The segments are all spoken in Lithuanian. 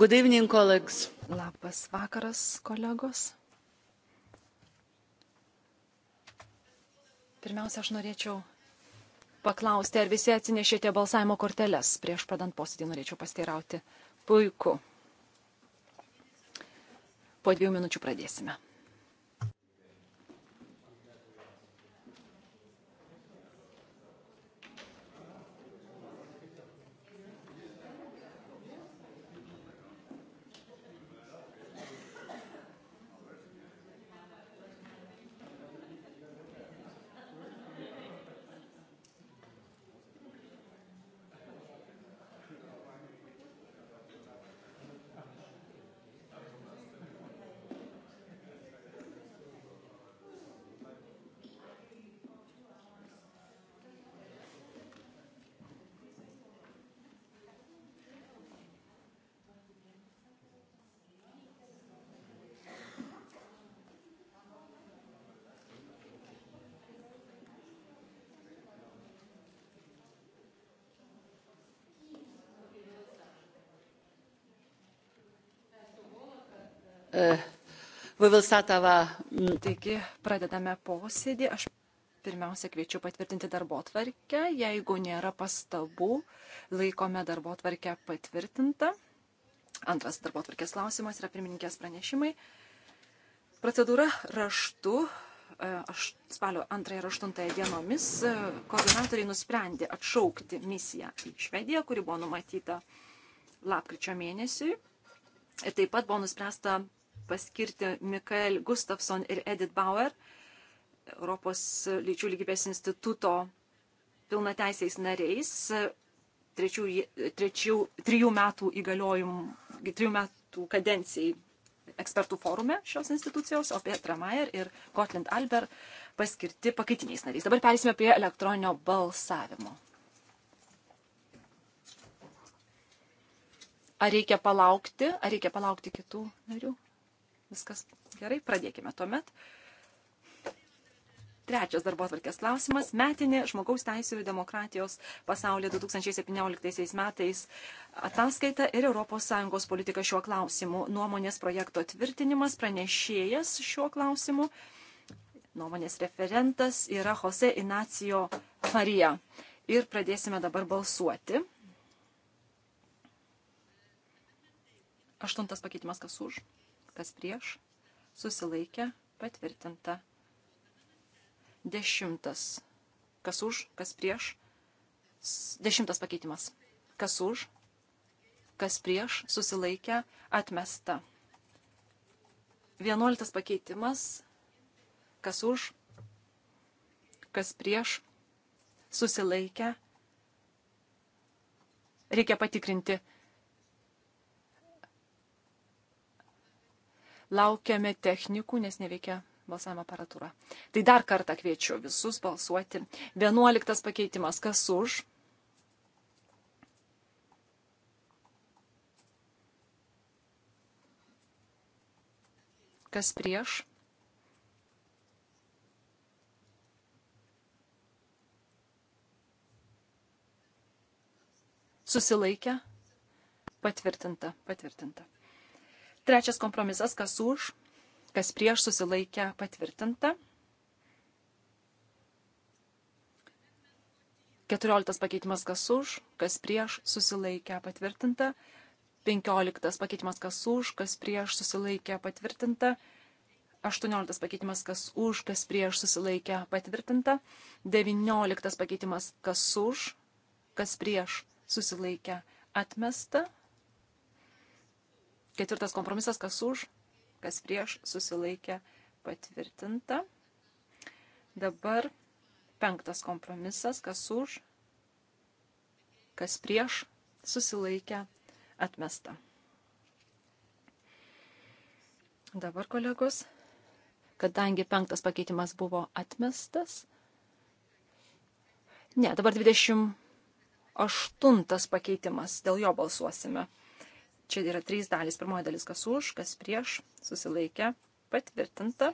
Good evening, colleagues. Labas vakaras, kolegos. Pirmiausia, aš norėčiau paklausti, ar visi atsinešėte balsavimo korteles. Prieš pradant posėdį norėčiau pasteirauti. Puiku. Po dviejų minučių pradėsime. E, mm, Taigi, pradedame posėdį. Aš pirmiausia kviečiu patvirtinti darbo tvarkę. Jeigu nėra pastabų, laikome darbo tvarkę patvirtintą. Antras darbo tvarkės klausimas yra pirmininkės pranešimai. Procedūra raštu e, aš, spalio 2 ir 8 dienomis e, koordinatoriai nusprendė atšaukti misiją į Švediją, kuri buvo numatyta lapkričio mėnesiui. Ir taip pat buvo nuspręsta paskirti Mikael Gustafson ir Edith Bauer Europos lyčių lygybės instituto pilnateisiais nariais, trečių, trečių, trijų metų įgaliojimų, trijų metų kadencijai ekspertų forume šios institucijos, o Petra Mayer ir Gotland Albert paskirti pakaitiniais nariais. Dabar perėsime prie elektroninio balsavimo. Ar reikia palaukti, ar reikia palaukti kitų narių? Viskas gerai, pradėkime tuomet. Trečias darbo atvarkės klausimas - metinė žmogaus teisų ir demokratijos pasaulyje 2017 metais ataskaita ir ES politika šiuo klausimu. Nuomonės projekto tvirtinimas pranešėjas šiuo klausimu. Nuomonės referentas yra Jose Inacijo Marija. Ir pradėsime dabar balsuoti. Aštuntas pakeitimas kas už? kas prieš, susilaikė, patvirtinta. Dešimtas, kas už, kas prieš, dešimtas pakeitimas, kas už, kas prieš, susilaikė, atmesta. Vienuoliktas pakeitimas, kas už, kas prieš, susilaikę. Reikia patikrinti laukiame technikų, nes neveikia balsavimo aparatūra. Tai dar kartą kviečiu visus balsuoti. Vienuoliktas pakeitimas. Kas už? Kas prieš? Susilaikę? Patvirtinta, patvirtinta. Trečias kompromisas, kas už, kas prieš susilaikę patvirtinta. 14 pakeitimas kas už, kas prieš susilaikę patvirtinta. 15 pakeitimas kas už, kas prieš susilaikę patvirtinta. 18 pakeitimas kas už, kas prieš susilaikę patvirtinta. 19 pakeitimas kas už, kas prieš susilaikę atmesta. Ketvirtas kompromisas, kas už, kas prieš, susilaikė patvirtinta. Dabar penktas kompromisas, kas už, kas prieš, susilaikė atmesta. Dabar, kolegos, kadangi penktas pakeitimas buvo atmestas, ne, dabar 28 pakeitimas, dėl jo balsuosime. Čia yra trys dalys. Pirmoji dalis kas už, kas prieš, susilaikė, patvirtinta.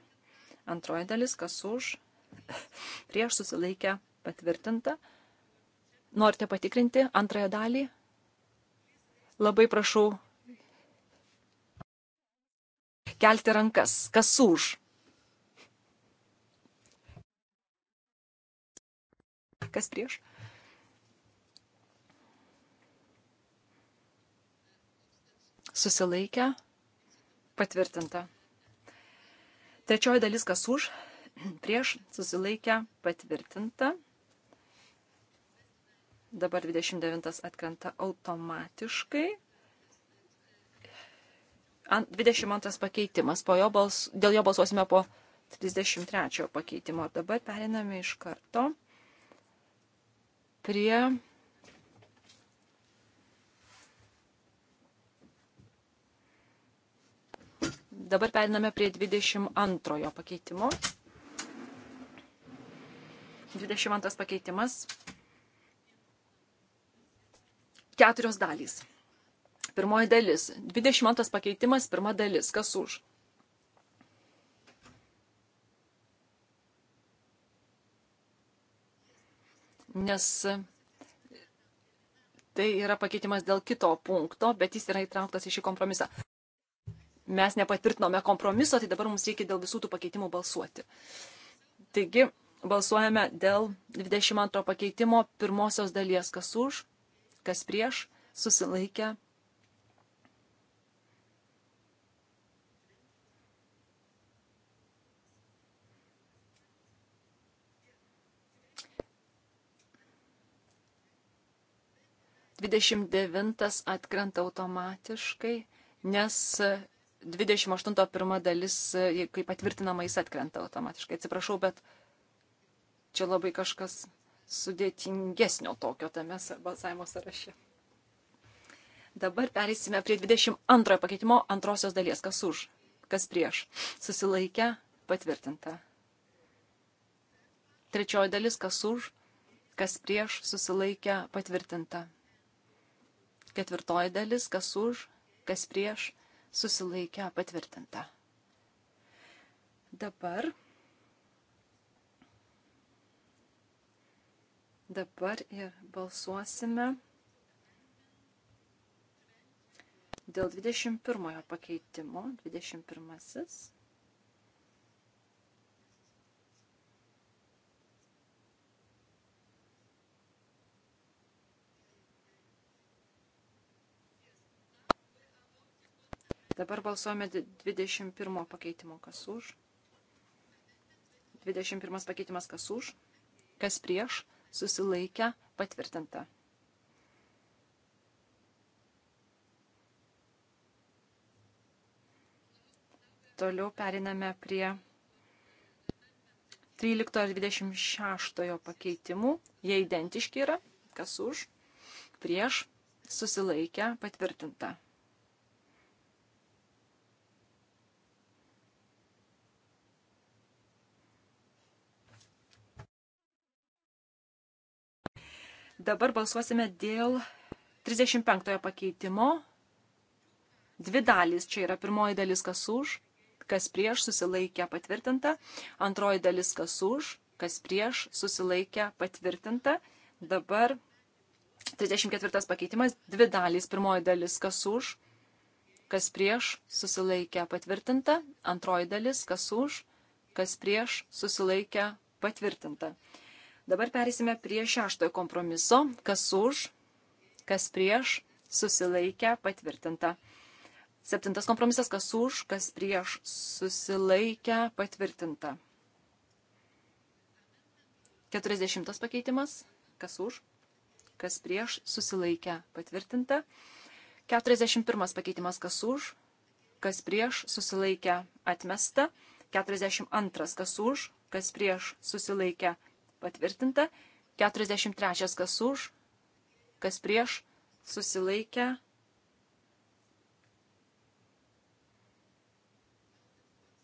Antroji dalis kas už, prieš, susilaikė, patvirtinta. Norite patikrinti antrąją dalį? Labai prašau kelti rankas. Kas už? Kas prieš? susilaikę, patvirtinta. Trečioji dalis, kas už, prieš, susilaikę, patvirtinta. Dabar 29 atkrenta automatiškai. 22 pakeitimas, po jo bals, dėl jo balsuosime po 33 pakeitimo. Dabar periname iš karto prie Dabar periname prie 22 pakeitimo. 22 pakeitimas. Keturios dalys. Pirmoji dalis. 22 pakeitimas, pirma dalis. Kas už? Nes tai yra pakeitimas dėl kito punkto, bet jis yra įtrauktas į šį kompromisą mes nepatvirtinome kompromiso, tai dabar mums reikia dėl visų tų pakeitimų balsuoti. Taigi, balsuojame dėl 22 pakeitimo pirmosios dalies, kas už, kas prieš, susilaikę. Dvidešimt devintas atkrenta automatiškai, nes 28 pirma dalis, e, kai patvirtinama, jis atkrenta automatiškai. Atsiprašau, bet čia labai kažkas sudėtingesnio tokio tame balsavimo sąraše. Dabar perėsime prie 22 pakeitimo antrosios dalies. Kas už, kas prieš. Susilaikę, patvirtinta. Trečioji dalis, kas už, kas prieš, susilaikę, patvirtinta. Ketvirtoji dalis, kas už, kas prieš, susilaikę patvirtinta. Dabar, dabar ir balsuosime dėl 21 pakeitimo, 21. Dabar balsuojame 21 pakeitimo, kas už. 21 pakeitimas, kas už. Kas prieš, susilaikę, patvirtinta. Toliau periname prie 13 ir 26 pakeitimų. Jie identiški yra, kas už, prieš, susilaikę, patvirtinta. Dabar balsuosime dėl 35 pakeitimo. Dvi dalys. Čia yra pirmoji dalis, kas už, kas prieš susilaikė patvirtinta. Antroji dalis, kas už, kas prieš susilaikė patvirtinta. Dabar 34 pakeitimas. Dvi dalys. Pirmoji dalis, kas už, kas prieš susilaikė patvirtinta. Antroji dalis, kas už, kas prieš susilaikė patvirtinta. Dabar perėsime prie šeštojo kompromiso. Kas už, kas prieš, susilaikę, patvirtinta. Septintas kompromisas, kas už, kas prieš, susilaikę, patvirtinta. Keturisdešimtas pakeitimas, kas už, kas prieš, susilaikę, patvirtinta. Keturiasdešimt pirmas pakeitimas, kas už, kas prieš, susilaikę, atmesta. Keturiasdešimt antras, kas už, kas prieš, susilaikę, atmesta patvirtinta. 43 kas už, kas prieš, susilaikę.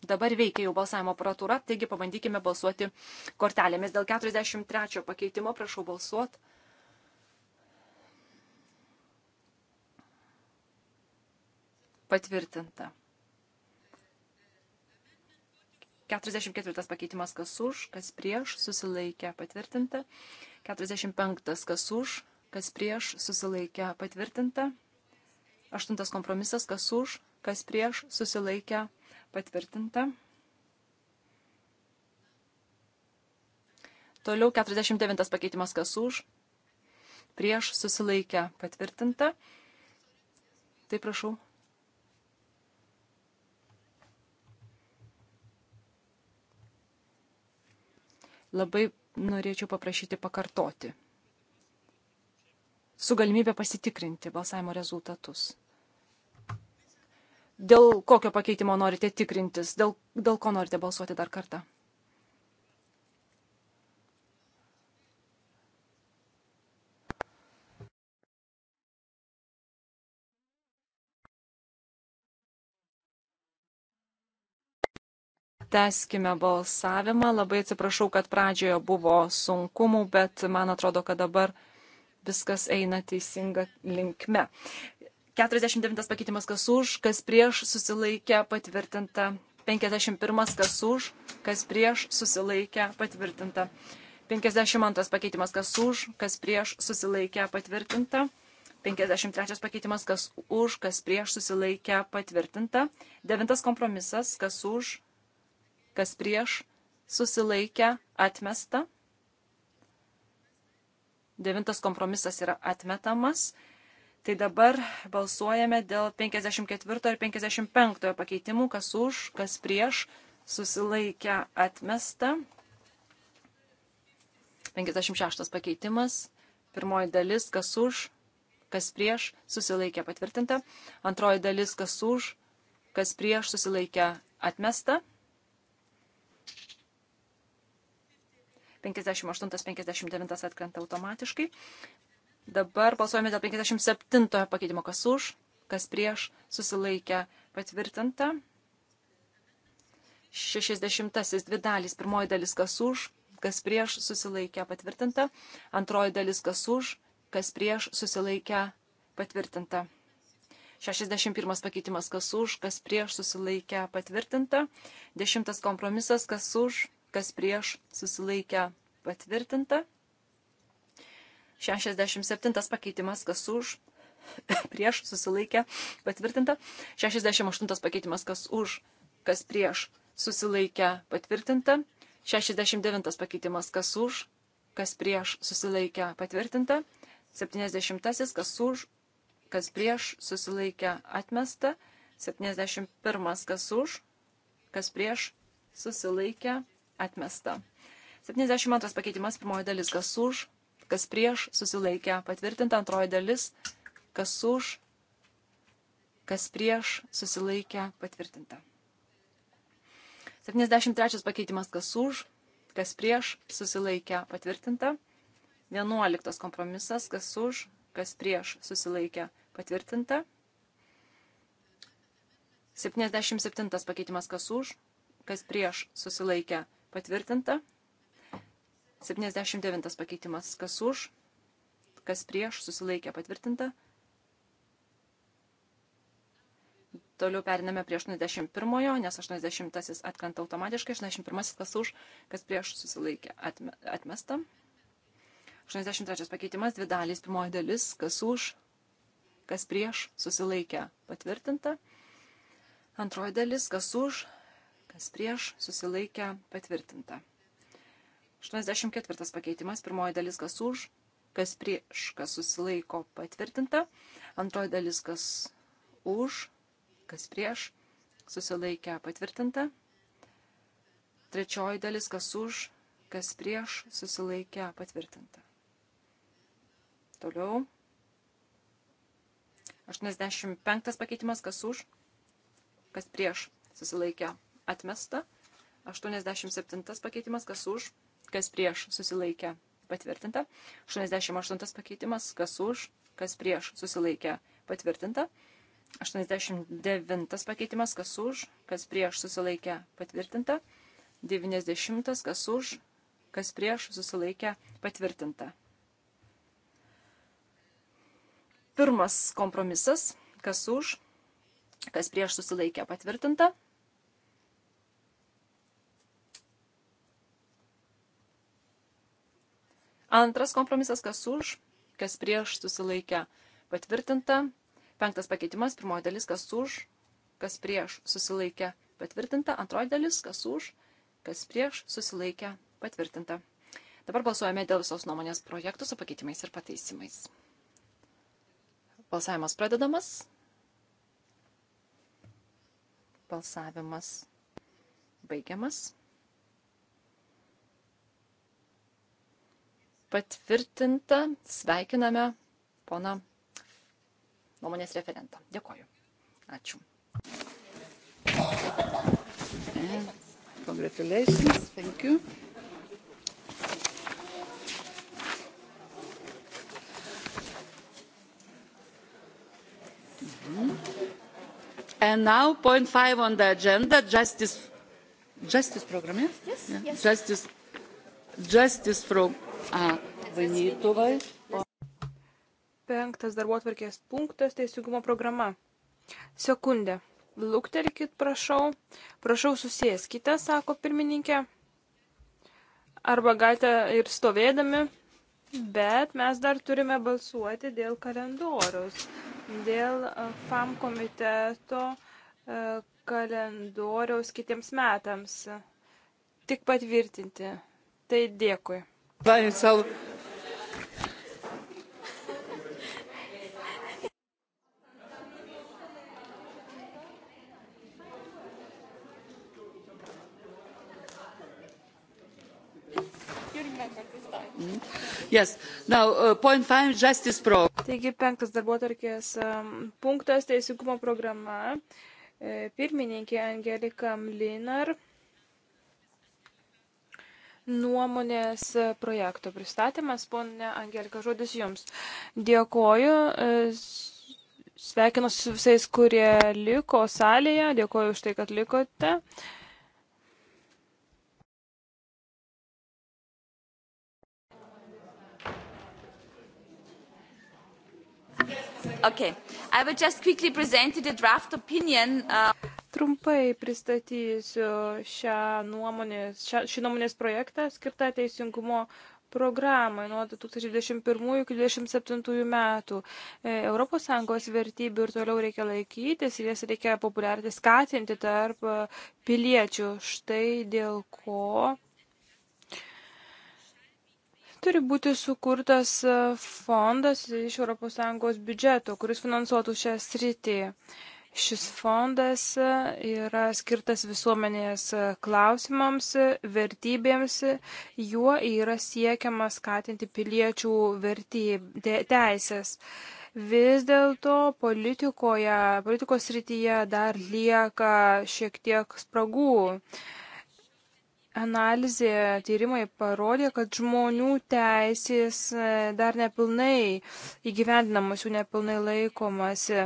Dabar veikia jau balsavimo aparatūra, taigi pabandykime balsuoti kortelėmis. Dėl 43 pakeitimo prašau balsuoti. Patvirtinta. 44 pakeitimas kas už, kas prieš, susilaikė patvirtinta. 45 kas už, kas prieš, susilaikė patvirtinta. 8 kompromisas kas už, kas prieš, susilaikė patvirtinta. Toliau 49 pakeitimas kas už, prieš, susilaikė patvirtinta. Tai prašau, labai norėčiau paprašyti pakartoti. Su galimybė pasitikrinti balsavimo rezultatus. Dėl kokio pakeitimo norite tikrintis, dėl, dėl ko norite balsuoti dar kartą? Teskime balsavimą. Labai atsiprašau, kad pradžioje buvo sunkumų, bet man atrodo, kad dabar viskas eina teisinga linkme. 49 pakeitimas kas už, kas prieš susilaikė patvirtinta. 51 kas už, kas prieš susilaikė patvirtinta. 52 pakeitimas kas už, kas prieš susilaikė patvirtinta. 53 pakeitimas kas už, kas prieš susilaikė patvirtinta. 9 kompromisas kas už, kas prieš, susilaikę, atmesta. Devintas kompromisas yra atmetamas. Tai dabar balsuojame dėl 54 ir 55 pakeitimų, kas už, kas prieš, susilaikę, atmesta. 56 pakeitimas, pirmoji dalis, kas už, kas prieš, susilaikė patvirtinta. Antroji dalis, kas už, kas prieš, susilaikė atmesta. 58-59 atkrenta automatiškai. Dabar balsuojame dėl 57 pakeitimo, kas už, kas prieš, susilaikę patvirtinta. 60 dvi dalys, pirmoji dalis kas už, kas prieš, susilaikę patvirtinta. Antroji dalis kas už, kas prieš, susilaikę patvirtinta. 61 pakeitimas kas už, kas prieš susilaikę patvirtinta. 10 kompromisas kas už, kas prieš susilaikę patvirtinta. 67 pakeitimas kas už, prieš susilaikę patvirtinta. 68 pakeitimas kas už, kas prieš susilaikę patvirtinta. 69 pakeitimas kas už, kas prieš susilaikę patvirtinta. 70 kas už, kas prieš, susilaikė atmesta, 71 kas už, kas prieš, susilaikė atmesta. 72 pakeitimas, pirmoji dalis, kas už, kas prieš, susilaikė patvirtinta, antroji dalis, kas už, kas prieš, susilaikė patvirtinta. 73 pakeitimas, kas už, kas prieš, susilaikė patvirtinta. 11 kompromisas, kas už, kas prieš susilaikė Patvirtinta. 77 pakeitimas kas už, kas prieš susilaikė patvirtinta. 79 pakeitimas kas už, kas prieš susilaikė patvirtinta. Toliau periname prie 81, nes 80 atkrenta automatiškai, 81 kas už, kas prieš susilaikė atme, atmesta. 83 pakeitimas, dvi dalys, pirmoji dalis, kas už, kas prieš, susilaikė, patvirtinta. Antroji dalis, kas už, kas prieš, susilaikė, patvirtinta. 84 pakeitimas, pirmoji dalis, kas už, kas prieš, kas susilaiko, patvirtinta. Antroji dalis, kas už, kas prieš, susilaikė, patvirtinta. Trečioji dalis, kas už, kas prieš, susilaikė, patvirtinta. Toliau 85 pakeitimas, kas už, kas prieš, susilaikė, atmesta. 87 pakeitimas, kas už, kas prieš, susilaikė, patvirtinta. 88 pakeitimas, kas už, kas prieš, susilaikė, patvirtinta. 89 pakeitimas, kas už, kas prieš, susilaikė, patvirtinta. 90 kas už, kas prieš, susilaikė, patvirtinta. Pirmas kompromisas, kas už, kas prieš susilaikė patvirtinta. Antras kompromisas, kas už, kas prieš susilaikė patvirtinta. Penktas pakeitimas, pirmoji dalis, kas už, kas prieš susilaikė patvirtinta. Antroji dalis, kas už, kas prieš susilaikė patvirtinta. Dabar balsuojame dėl visos nuomonės projektų su pakeitimais ir pataisimais. Balsavimas pradedamas. Balsavimas baigiamas. Patvirtinta, sveikiname poną nuomonės referentą. Dėkoju. Ačiū. Congratulations, thank you. And now, point five on the agenda, justice, justice program, yes? Yes, yeah. yes. Justice, justice from, ah, uh, Vanytovai. Penktas darbotvarkės punktas, teisingumo programa. Sekundė. Luktelkit, prašau. Prašau, susėskite, sako pirmininkė. Arba galite ir stovėdami, bet mes dar turime balsuoti dėl kalendorius dėl e, FAM komiteto e, kalendoriaus kitiems metams. Tik patvirtinti. Tai dėkui. Vaisal. Mm. Yes. Now, uh, point five, justice pro. Taigi penktas darbo tarkės um, punktas teisingumo programa. E, pirmininkė Angelika Mlinar nuomonės projekto pristatymas. Pone Angelika, žodis Jums. Dėkoju. E, sveikinu su visais, kurie liko salėje. Dėkoju už tai, kad likote. Okay. I will just quickly present the draft opinion. Uh... Trumpai pristatysiu šią nuomonės, šią, šį nuomonės projektą skirtą teisingumo programai nuo 2021 iki 2027 metų. ES vertybių ir toliau reikia laikytis ir jas reikia populiarinti, skatinti tarp piliečių. Štai dėl ko Turi būti sukurtas e, fondas iš ES biudžeto, kuris finansuotų šią sritį. Šis fondas e, yra skirtas visuomenės e, klausimams, vertybėms, juo yra siekiama skatinti piliečių vertybė, teisės. Vis dėlto politikoje, politikos srityje dar lieka šiek tiek spragų. Analizė tyrimai parodė, kad žmonių teisės e, dar nepilnai įgyvendinamas, jų nepilnai laikomasi.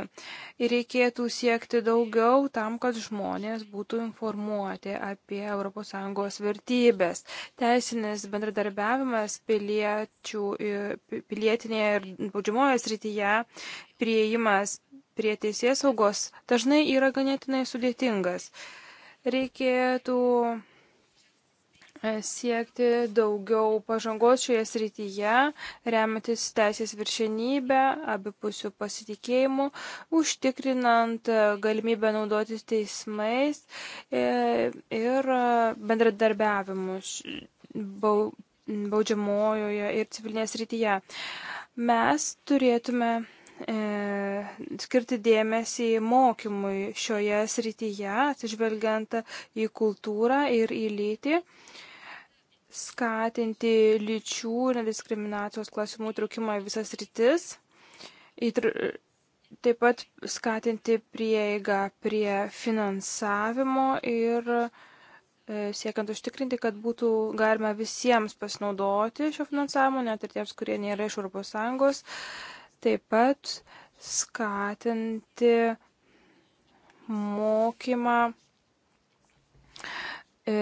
Ir reikėtų siekti daugiau tam, kad žmonės būtų informuoti apie ES vertybės. Teisinis bendradarbiavimas piliečių, e, pilietinėje ir baudžiamojo srityje, prieimas prie teisės saugos dažnai yra ganėtinai sudėtingas. Reikėtų E, siekti daugiau pažangos šioje srityje, remiantis teisės viršenybę, abipusių pasitikėjimų, užtikrinant e, galimybę naudotis teismais e, ir bendradarbiavimus baudžiamojoje ir civilinėje srityje. Mes turėtume skirti dėmesį mokymui šioje srityje, atsižvelgiant į kultūrą ir į lytį. E, skatinti lyčių nediskriminacijos klausimų trukimą į visas rytis, taip pat skatinti prieigą prie finansavimo ir e, siekiant užtikrinti, kad būtų galima visiems pasinaudoti šio finansavimo, net ir tiems, kurie nėra iš ES, taip pat skatinti mokymą e,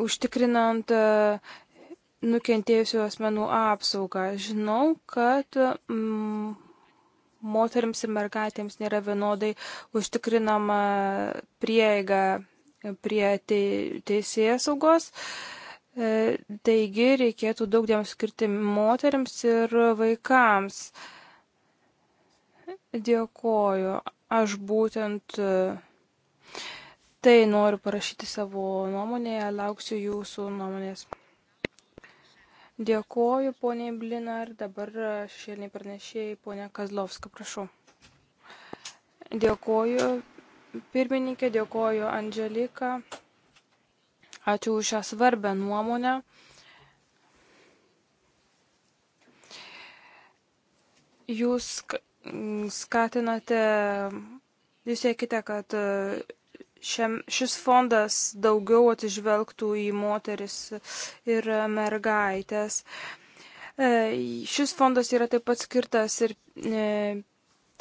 užtikrinant e, nukentėjusių asmenų apsaugą. Žinau, kad mm, moteriams ir mergaitėms nėra vienodai užtikrinama prieiga prie te, teisėjas saugos. E, taigi reikėtų daug dėmesio skirti moteriams ir vaikams. Dėkoju. Aš būtent uh, tai noriu parašyti savo nuomonėje, lauksiu jūsų nuomonės. Dėkoju, poniai Blina, ir dabar šešėliniai pranešėjai, ponia Kazlovska, prašau. Dėkoju, pirmininkė, dėkoju Andželika. Ačiū už šią svarbę nuomonę. Jūs skatinate, jūs siekite, kad šiam, šis fondas daugiau atsižvelgtų į moteris ir mergaitės. E, šis fondas yra taip pat skirtas ir e,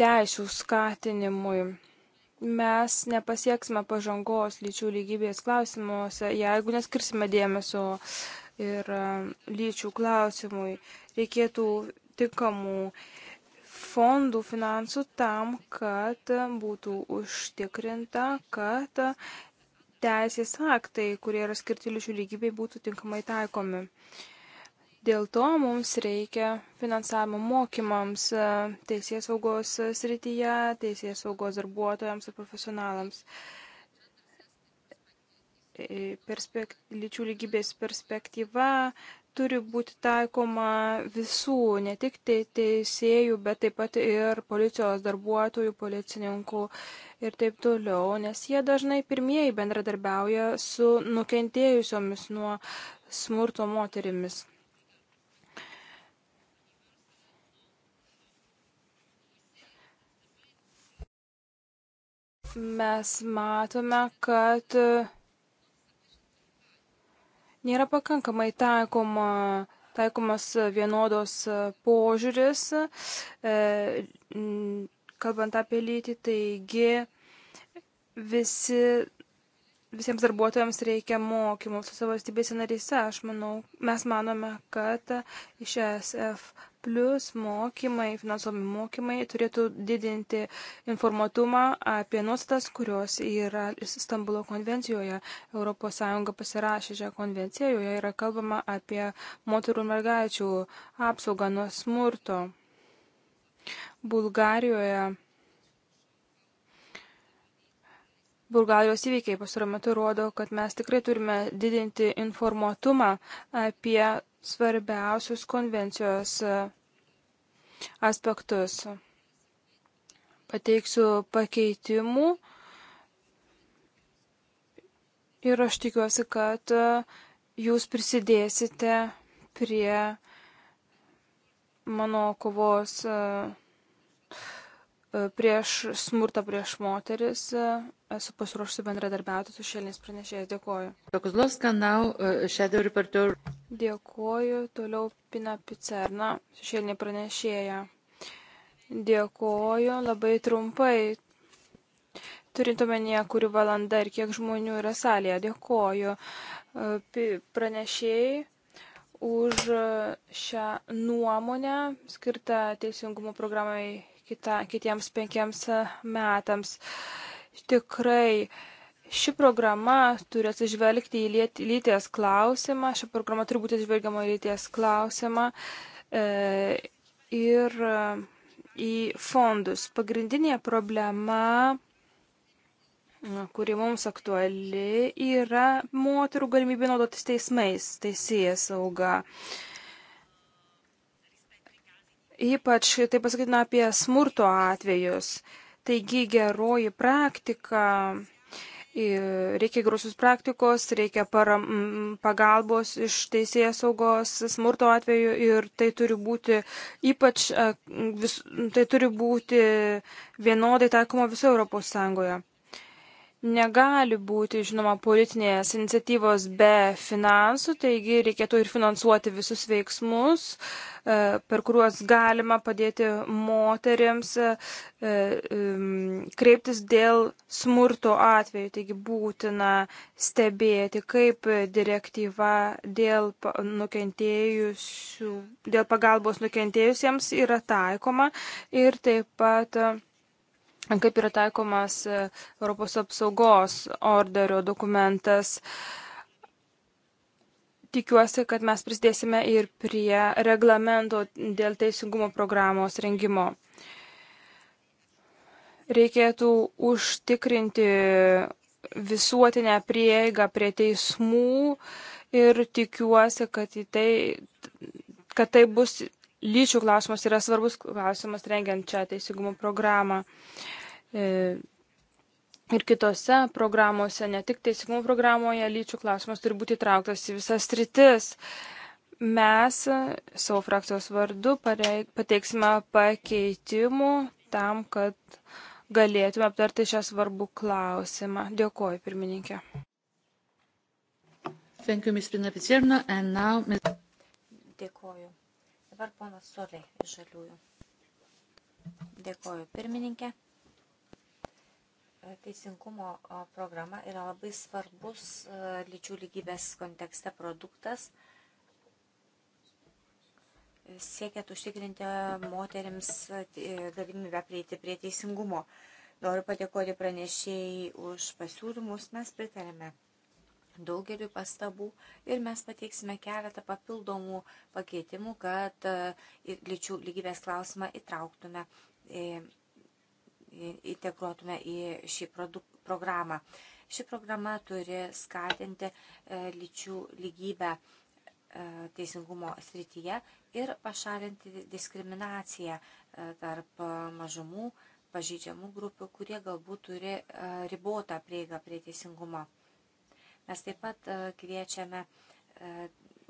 teisų skatinimui. Mes nepasieksime pažangos lyčių lygybės klausimuose, jeigu neskirsime dėmesio ir e, lyčių klausimui. Reikėtų tinkamų uh, fondų finansų tam, kad būtų užtikrinta, kad teisės aktai, kurie yra skirti lyčių lygybei, būtų tinkamai taikomi. Dėl to mums reikia finansavimo mokymams e, teisės saugos srityje, teisės saugos darbuotojams ir profesionalams. E, perspekt, lyčių lygybės perspektyva turi būti taikoma visų, ne tik te teisėjų, bet taip pat ir policijos darbuotojų, policininkų ir taip toliau, nes jie dažnai pirmieji bendradarbiauja su nukentėjusiomis nuo smurto moterimis. Mes matome, kad nėra pakankamai taikoma taikomas vienodos požiūris, e, kalbant apie lytį, taigi visi, visiems darbuotojams reikia mokymų su savo valstybėse narise. Aš manau, mes manome, kad iš ESF plus mokymai, finansuomi mokymai turėtų didinti informatumą apie nuostatas, kurios yra Stambulo konvencijoje. ES pasirašė šią konvenciją, joje yra kalbama apie moterų ir mergaičių apsaugą nuo smurto. Bulgarijoje. Bulgarijos įveikiai pasaro metu rodo, kad mes tikrai turime didinti informatumą apie svarbiausius konvencijos e, aspektus. Pateiksiu pakeitimų ir aš tikiuosi, kad e, jūs prisidėsite prie mano kovos e, prieš smurtą prieš moteris esu pasiruošusi bendradarbiauti su šelniais pranešėjais. Dėkoju. Uh, Dėkoju. Toliau Pina Picerna, šelniai pranešėja. Dėkoju. Labai trumpai. Turint omenyje, kuri valanda ir kiek žmonių yra salėje. Dėkoju uh, pranešėjai už uh, šią nuomonę skirtą teisingumo programai kita, kitiems penkiems metams. Uh, tikrai ši programa turi atsižvelgti į lyties klausimą, ši programa turi būti atsižvelgiama į lyties klausimą e, ir į fondus. Pagrindinė problema kuri mums aktuali, yra moterų galimybė naudotis teismais, teisėjas sauga. Ypač tai pasakytina apie smurto atvejus. E, Taigi geroji praktika reikia gerusius praktikos, reikia param, pagalbos iš teisėjas saugos smurto atveju ir tai turi būti ypač, e, vis, tai turi būti vienodai taikoma viso Europos Sąjungoje. Negali būti, žinoma, politinės iniciatyvos be finansų, taigi reikėtų ir finansuoti visus veiksmus, e, per kuriuos galima padėti moteriams e, e, kreiptis dėl smurto atveju. Taigi būtina stebėti, kaip direktyva dėl, dėl pagalbos nukentėjusiems yra taikoma ir taip pat kaip yra taikomas e, Europos apsaugos orderio dokumentas. Tikiuosi, kad mes prisidėsime ir prie reglamento dėl teisingumo programos rengimo. Reikėtų užtikrinti visuotinę prieigą prie teismų ir tikiuosi, kad, tai, kad tai bus lyčių klausimas yra svarbus klausimas rengiant čia teisingumo programą. E, ir kitose programuose, ne tik teisingumo programoje, lyčių klausimas turi būti įtrauktas į visas rytis. Mes savo frakcijos vardu pareik, pateiksime pakeitimų tam, kad galėtume aptarti šią svarbų klausimą. Dėkuoju, pirmininkė. Thank you, Ms. Dėkuoju. Dabar ponas Soliai iš žaliųjų. Dėkoju pirmininkė. Teisingumo programa yra labai svarbus lyčių lygybės kontekste produktas siekiat užtikrinti moteriams e, galimybę prieiti prie teisingumo. Noriu padėkoti pranešėjai už pasiūlymus, mes pritarėme daugeliu pastabų ir mes pateiksime keletą papildomų pakeitimų, kad e, lyčių lygybės klausimą įtrauktume, e, integruotume į šį produk, programą. Ši programa turi skatinti e, lyčių lygybę teisingumo srityje ir pašalinti diskriminaciją tarp mažumų, pažydžiamų grupių, kurie galbūt turi ribotą prieigą prie teisingumo. Mes taip pat e, kviečiame e,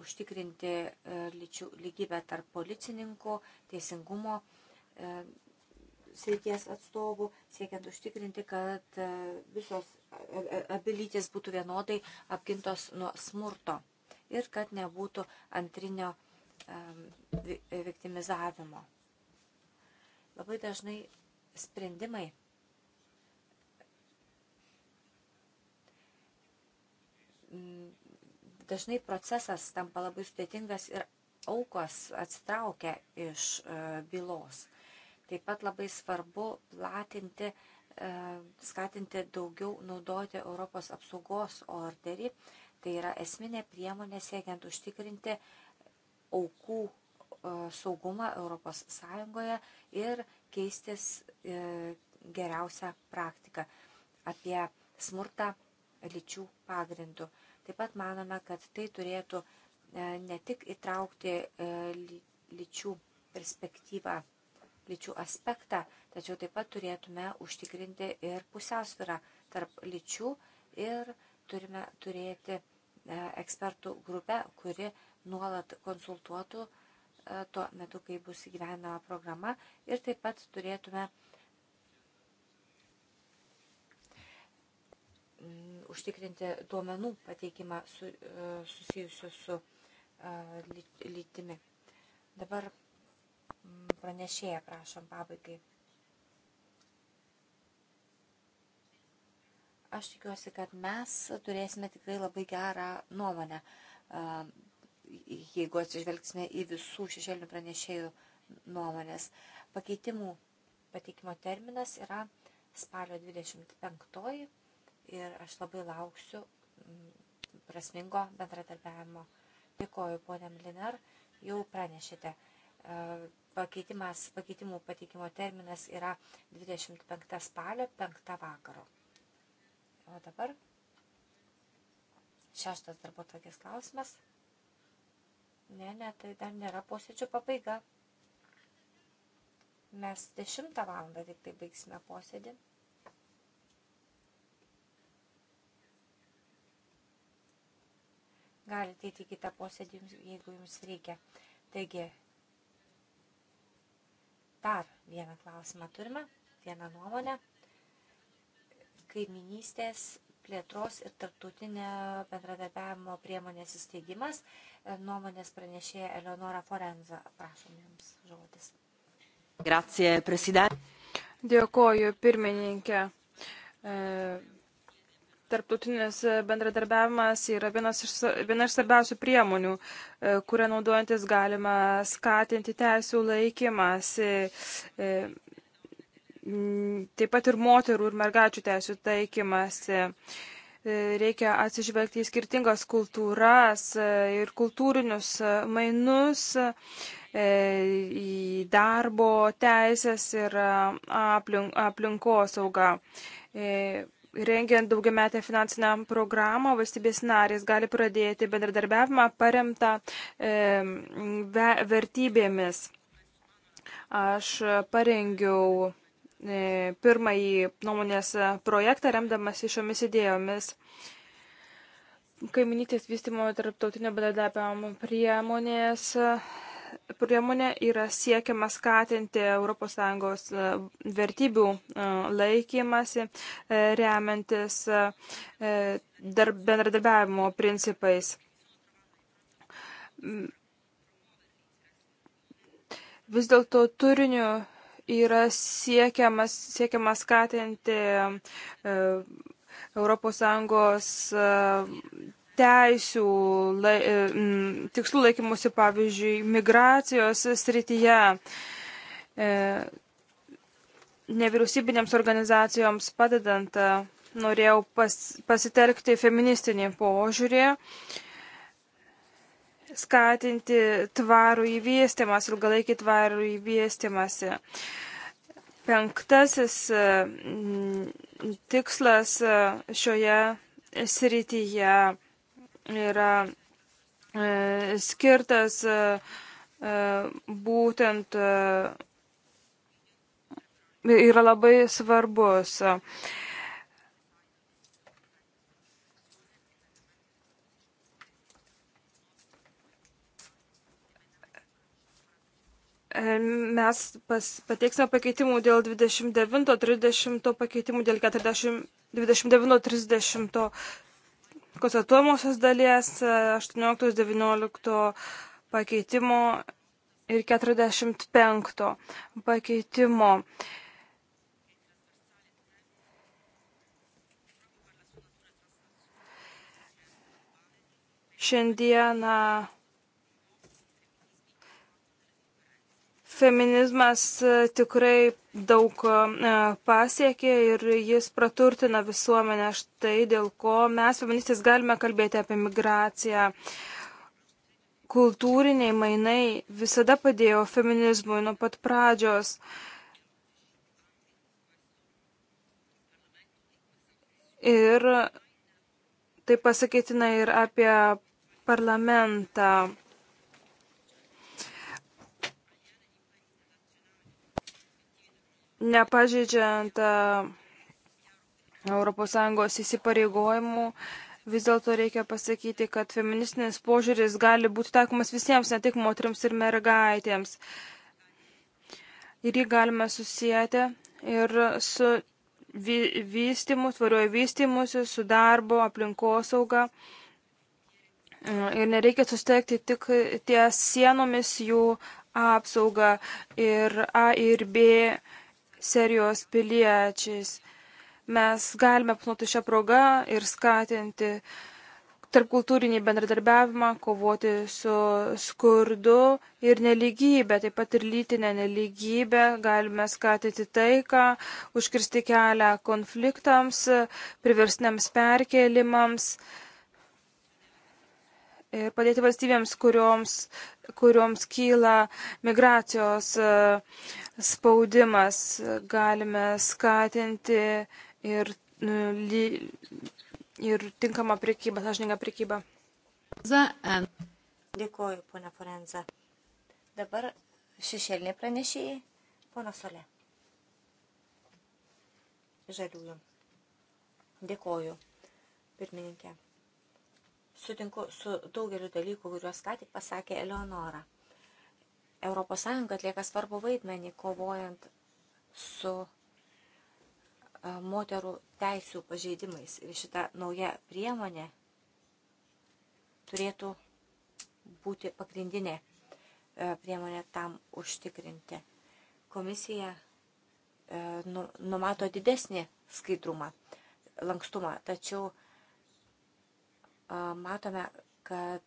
užtikrinti e, lyčių lygybę tarp policininkų, teisingumo srities atstovų, siekiant užtikrinti, kad visos abilytės būtų vienodai apgintos nuo smurto ir kad nebūtų antrinio viktimizavimo. Labai dažnai sprendimai dažnai procesas tampa labai sudėtingas ir aukos atsitraukia iš e, bylos. Taip pat labai svarbu platinti, e, skatinti daugiau naudoti Europos apsaugos orderį. Tai yra esminė priemonė siekiant užtikrinti aukų e, saugumą Europos Sąjungoje ir keistis geriausią praktiką apie smurtą lyčių pagrindų. Taip pat manome, kad tai turėtų e, ne tik įtraukti e, lyčių perspektyvą, lyčių aspektą, tačiau taip pat turėtume užtikrinti ir pusiausvyrą tarp lyčių ir turime turėti e, ekspertų grupę, kuri nuolat konsultuotų tuo metu, kai bus įgyvenama programa ir taip pat turėtume užtikrinti duomenų pateikimą su, e, susijusiu su e, lytimi. Dabar mm, pranešėja, prašom, pabaigai. Aš tikiuosi, kad mes turėsime tikrai labai gerą nuomonę, e, jeigu atsižvelgsime į visų šešėlinių pranešėjų nuomonės. Pakeitimų pateikimo terminas yra spalio 25 ir aš labai lauksiu mm, prasmingo bendradarbiavimo. Dėkoju, ponė Mliner, jau pranešėte. E, pakeitimas, pakeitimų pateikimo terminas yra 25 spalio 5 vakaro. O dabar šeštas darbo tokias klausimas. Ne, ne, tai dar nėra posėdžio pabaiga. Mes 10 valandą tik tai baigsime posėdį. galite įti kitą posėdį, jeigu jums reikia. Taigi, dar vieną klausimą turime, vieną nuomonę. Kaiminystės plėtros ir tarptautinio bendradarbiavimo priemonės įsteigimas. E, nuomonės pranešėja Eleonora Forenza. Prašom jums žodis. Grazie, prezident. Dėkoju, pirmininkė. E Tarptautinis e, bendradarbiavimas yra vienas iš, viena iš svarbiausių priemonių, e, kurią naudojantis galima skatinti teisų laikymasi, e, taip pat ir moterų ir mergačių teisų taikymasi. Reikia atsižvelgti į skirtingas kultūras ir kultūrinius mainus, į darbo teisės ir aplinkosaugą. Aplink rengiant daugiametę finansinę programą, valstybės narės gali pradėti bendradarbiavimą paremtą e, vertybėmis. Aš parengiau e, pirmąjį nuomonės projektą remdamas šiomis idėjomis. Kaiminystės vystimo tarptautinio bendradarbiavimo priemonės priemonė yra siekiama skatinti ES e, vertybių e, laikymasi, e, remiantis bendradarbiavimo principais. Vis dėlto turiniu yra siekiamas, siekiamas skatinti ES teisių lai, e, tikslų laikymusi, pavyzdžiui, migracijos srityje. E, nevyriausybinėms organizacijoms padedant e, norėjau pas, pasitelkti feministinį požiūrį, skatinti tvarų įvėstimas, ilgalaikį tvarų įvėstimasi. Penktasis tikslas šioje srityje yra e, skirtas e, e, būtent yra labai svarbus. Mes pas, pateiksime pakeitimų dėl 29, 30 pakeitimų, dėl 40, 29, 30 konstatuojamosios dalies 18-19 e, pakeitimo ir 45 pakeitimo. Šiandieną feminizmas e, tikrai daug e, pasiekė ir jis praturtina visuomenę. Štai dėl ko mes, feministės, galime kalbėti apie migraciją. Kultūriniai mainai visada padėjo feminizmui nuo pat pradžios. Ir tai pasakytina ir apie parlamentą. nepažeidžiant ES įsipareigojimų, vis dėlto reikia pasakyti, kad feministinis požiūris gali būti taikomas visiems, ne tik moteriams ir mergaitėms. Ir jį galime susijęti ir su vystimu, tvariuoju vystimusi, su darbo, aplinkosauga. Ir nereikia sustekti tik ties sienomis jų apsaugą ir A ir B Serijos piliečiais. Mes galime apnuoti šią progą ir skatinti tarpkultūrinį bendradarbiavimą, kovoti su skurdu ir neligybė, taip pat ir lytinė neligybė, galime skatinti taiką, užkirsti kelią konfliktams, priversniams perkelimams ir padėti valstybėms, kurioms, kurioms kyla migracijos e, spaudimas. Galime skatinti ir, e, ir tinkamą prekybą, sąžininką prekybą. Dėkuoju, ponia Forenza. Dabar šešėlinė pranešėjai, pono Solė. Žaliųjų. Dėkuoju, pirmininkė sutinku su daugeliu dalykų, kuriuos ką tik pasakė Eleonora. ES atlieka svarbu vaidmenį kovojant su e, moterų teisų pažeidimais. Ir šita nauja priemonė turėtų būti pagrindinė e, priemonė tam užtikrinti. Komisija e, nu, numato didesnį skaidrumą, lankstumą, tačiau matome, kad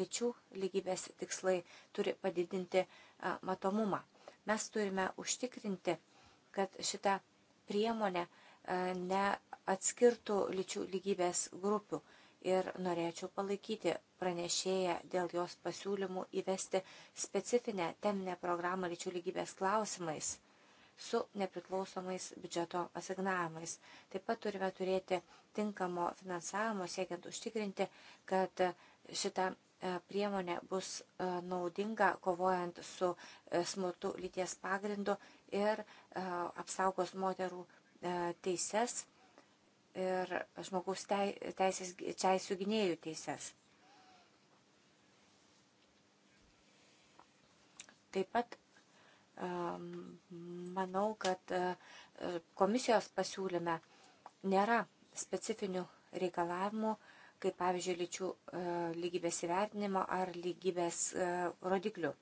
lyčių lygybės tikslai turi padidinti matomumą. Mes turime užtikrinti, kad šita priemonė neatskirtų lyčių lygybės grupių. Ir norėčiau palaikyti pranešėją dėl jos pasiūlymų įvesti specifinę teminę programą lyčių lygybės klausimais su nepriklausomais biudžeto asignavimais. Taip pat turime turėti tinkamo finansavimo, siekiant užtikrinti, kad šita e, priemonė bus e, naudinga kovojant su e, smurtu lyties pagrindu ir apsaugos moterų teises ir žmogaus teisės, teisų gynėjų teises. Taip pat manau, kad e, e, komisijos pasiūlyme nėra specifinių reikalavimų, kaip pavyzdžiui, lyčių e, lygybės įvertinimo ar lygybės rodiklių.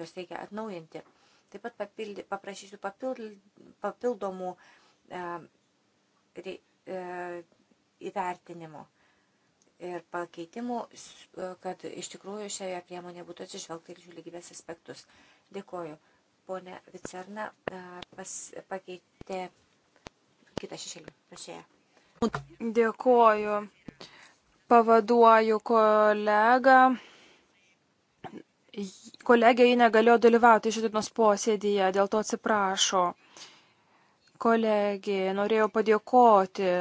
Jos reikia atnaujinti. Taip pat papildi, paprašysiu papild, papildomų e, re, e, įvertinimų ir pakeitimų, kad iš tikrųjų šioje priemonėje būtų atsižvelgta ir jų lygybės aspektus. Dėkoju ponė Vicerna e, pas, pakeitė kitą šešėlį. Prašėję. Dėkuoju. Pavaduoju kolegą. Kolegė jį negalėjo dalyvauti šiandienos posėdėje, dėl to atsiprašo. Kolegė, norėjau padėkoti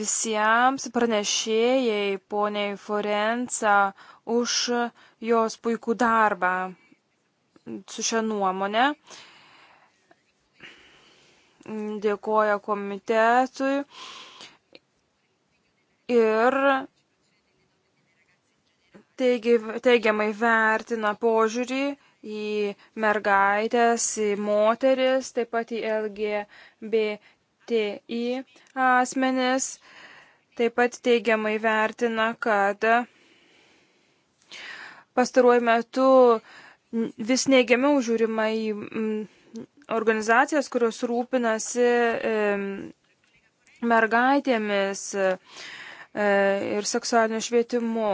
visiems pranešėjai, poniai Forenca, už jos puikų darbą su šia nuomonė. Dėkoja komitetui ir teigiamai vertina požiūrį į mergaitės, į moteris, taip pat į LGBTI asmenis. Taip pat teigiamai vertina, kad pastaruoju metu uh, vis neigiamiau žiūrima į organizacijas, kurios rūpinasi mergaitėmis e, ir seksualiniu švietimu.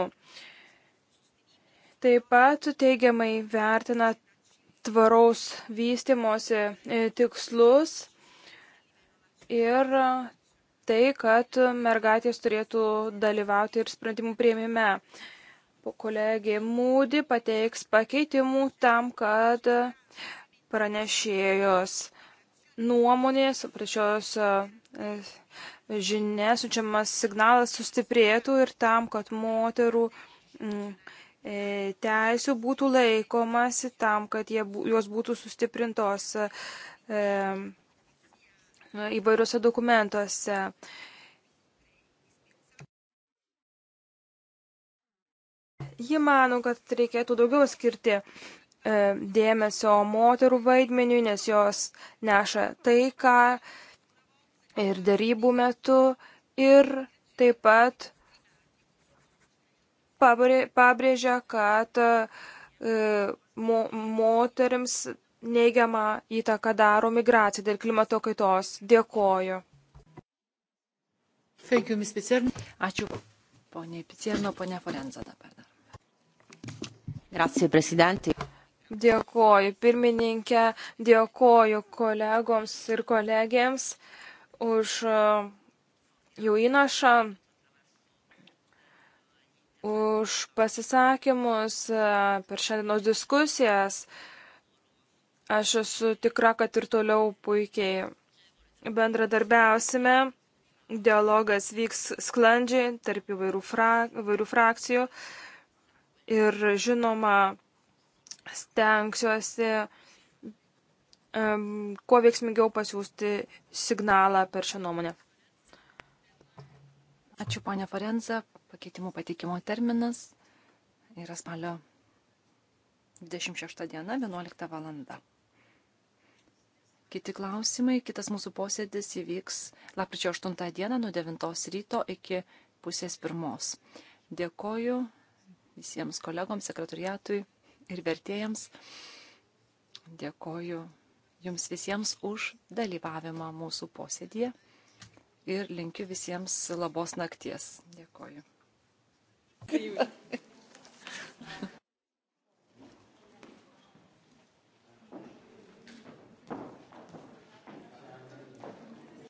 Taip pat teigiamai vertina tvaraus vystimosi e, tikslus ir tai, kad mergaitės turėtų dalyvauti ir sprendimų prieimime kolegė Mūdi pateiks pakeitimų tam, kad pranešėjos nuomonės, prašios e, žinia, siunčiamas signalas sustiprėtų ir tam, kad moterų mm, e, teisų būtų laikomasi, tam, kad jie, jos būtų sustiprintos e, įvairiuose dokumentuose. E, Ji mano, kad reikėtų daugiau skirti e, dėmesio moterų vaidmeniui, nes jos neša taiką ir darybų metu ir taip pat pabrėžia, kad e, mo moteriams neigiamą įtaką daro migracija dėl klimato kaitos. Dėkoju. You, Ačiū, ponė Picerno, ponė Forenza dabar. Grazie, prezidentė. Dėkoju pirmininkė, dėkoju kolegoms ir kolegėms už uh, jų įnašą, už pasisakymus uh, per šiandienos diskusijas. Aš esu tikra, kad ir toliau puikiai bendradarbiausime. Dialogas vyks sklandžiai tarp įvairių, frak, įvairių frakcijų. Uh, ir žinoma stengsiuosi um, kuo veiksmingiau pasiūsti signalą per šią nuomonę. Ačiū, ponia Forenza. Pakeitimų pateikimo terminas yra spalio 26 diena, 11 valanda. Kiti klausimai, kitas mūsų posėdis įvyks lapkričio 8 dieną nuo 9 ryto iki pusės pirmos. Dėkoju visiems kolegoms, sekretoriatui ir vertėjams. Dėkoju Jums visiems už dalyvavimą mūsų posėdėje ir linkiu visiems labos nakties. Dėkoju.